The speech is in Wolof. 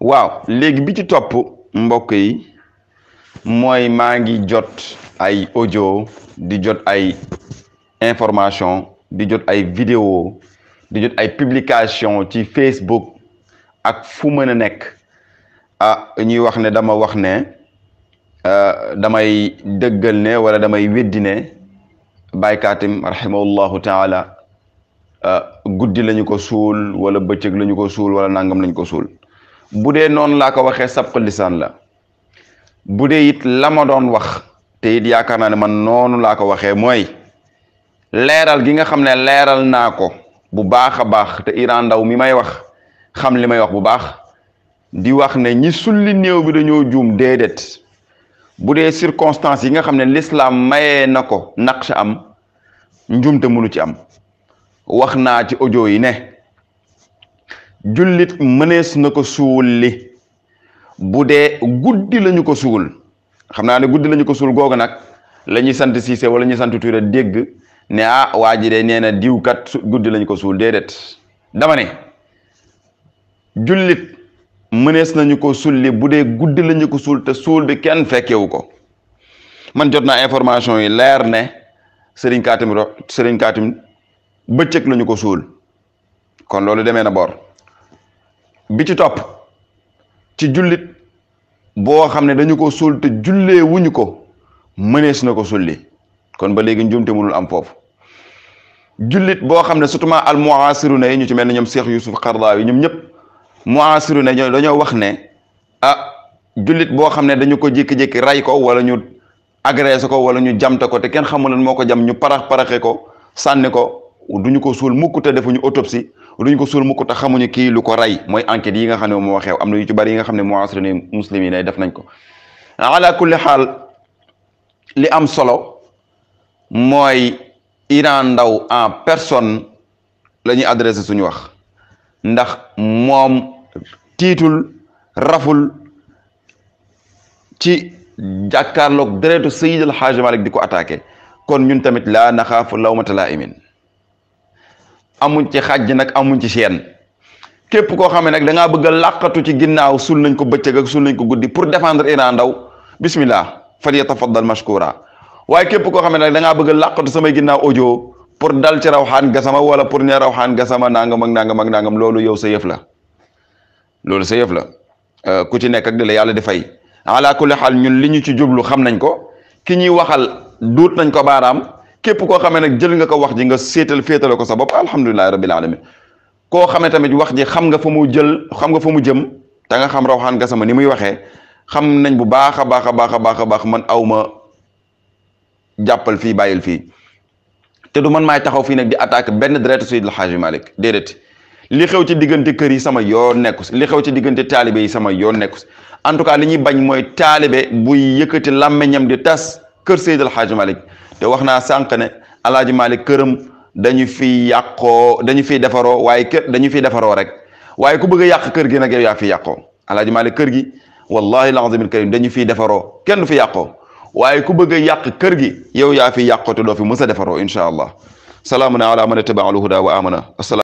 waaw léegi bi ci topp mbokk yi mooy maa ngi jot ay audio di jot ay information di jot ay vidéo di jot ay publication ci Facebook ak fu mën a nekk ah ñuy wax ne dama wax ne ah, damay dëggal ne wala damay weddi ne Baye Katim rahimahullahu taala ah, guddi lañu ko suul wala bëccëg lañu ko suul wala nangam lañu ko suul bu dee noonu laa ko waxee sabqu lisaan la bu dee it la ma doon wax te it yaakaar naa ne man noonu laa ko waxee mooy leeral gi nga xam ne leeral naa ko bu baax a baax te Iran Ndaw mi may wax xam li may wax bu baax di wax ne ñi sulli néew bi dañoo juum déedéet bu dee circonstances yi nga xam ne lislaam mayee na ko naqsha am njuumte mënu ci am wax naa ci audio yi ne jullit mënees na ko suul li bu dee guddi lañu ko suul xam naa ne guddi lañu ko suul googu nag la ñuy sant Siise wala ñuy sant Ture dégg ne a ah, waa ji de nee na diwkat guddi lañu ko suul déedéet dama ne jullit mënees nañu ko suuli bu dee guddi lañu ko suul te suul bi kenn fekkewu ko man jot naa information yi leer ne sëriñ kaatim ro sëriñ kaatim bëccëg lañu ko suul kon loolu demee na boor bi ci topp ci jullit boo xam ne dañu ko suul te jullee wuñu ko mënees na ko sulli kon ba léegi njuumte mënul am foofu jullit boo xam ne surtout al muasiruna yi ñu ci mel ne ñoom Cheikh Youssouf Qardawi ñoom ñëpp muasiruna ñoo dañoo wax ne a ah, jullit boo xam ne dañu ko jékki-jékki ray ko wala ñu agressé ko wala ñu jamte ko te kenn xamul lan moo ko jam ñu parax paraxe ko sànni ko duñu ko suul mukk te defuñu autopsie lu ñu ko suul ko tax xamuñu kii lu ko rey mooy enquête yi nga xam ne moom moo xew am na yu ci bari yi nga xam ne muasrine muslim yi nañ ko ala kulli xaal li am solo mooy Iran ndaw en personne la ñuy adressé suñu wax ndax moom tiitul raful ci jàkkaarloog deretu Seydi El Hadji Malick di ko attaqué kon ñun tamit laa naxaafu lawmata laa imin amuñ ci xàjj nag amuñ ci seen képp koo xam ne nag da ngaa bëgg a ci ginnaaw sul nañ ko bëccëg ak sul nañ ko guddi pour défendre Iran ndaw bismillah fal yatafaddal mashkura waaye képp koo xam ne nag da ngaa bëgg a làqatu samay ginnaaw audio pour dal ci Rawxaan Gassama wala pour ne Rawxaan Gassama nangam ak nangam ak nangam loolu yow sa yëf la loolu sa yëf la euh, ku ci nekk di la yàlla di fay ala kulli xaal li ñu ci jublu xam nañ ko ki ñuy waxal duut nañ ko baaraam. képp koo xamee nag jël nga ko wax ji nga séetal féetale ko sa bopp alhamdulilahi rabbil alamin koo xamee tamit wax ji xam nga fa mu jël xam nga fa mu jëm te nga xam Rawaan Gassama ni muy waxee xam nañ bu baax a baax a baax a baax a baax man aw ma jàppal fii bàyyil fii te du man maay taxaw fii nag di attaque benn deret Seydi El Hadji Malick déedéet li xew ci diggante kër yi sama yoon nekkus li xew ci diggante taalibe yi sama yoon nekkus en tout cas li ñuy bañ mooy taalibe buy yëkkati làmmeñam di tas kër Seydi El Hadji Malick te waxna sank ne alaaji malik këram dañu fi yàqoo dañu fi défaro waye kër dañu fi défaro rek waye ku bëgg a yàq kër gi nak ya fi yàqoo alaaji malik kër gi wallahi alazim alkarim dañu fi défaro kenn fi yàqoo waye ku bëgg a yàq kër gi yow ya fi yàqoo te doo fi mës défaro inshallah salamun ala man tabi'a al huda wa amana